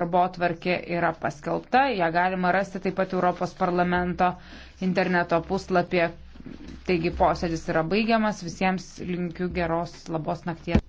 darbo tvarkė yra paskelbta, ją galima rasti taip pat Europos parlamento interneto puslapyje. Taigi posėdis yra baigiamas, visiems linkiu geros labos nakties.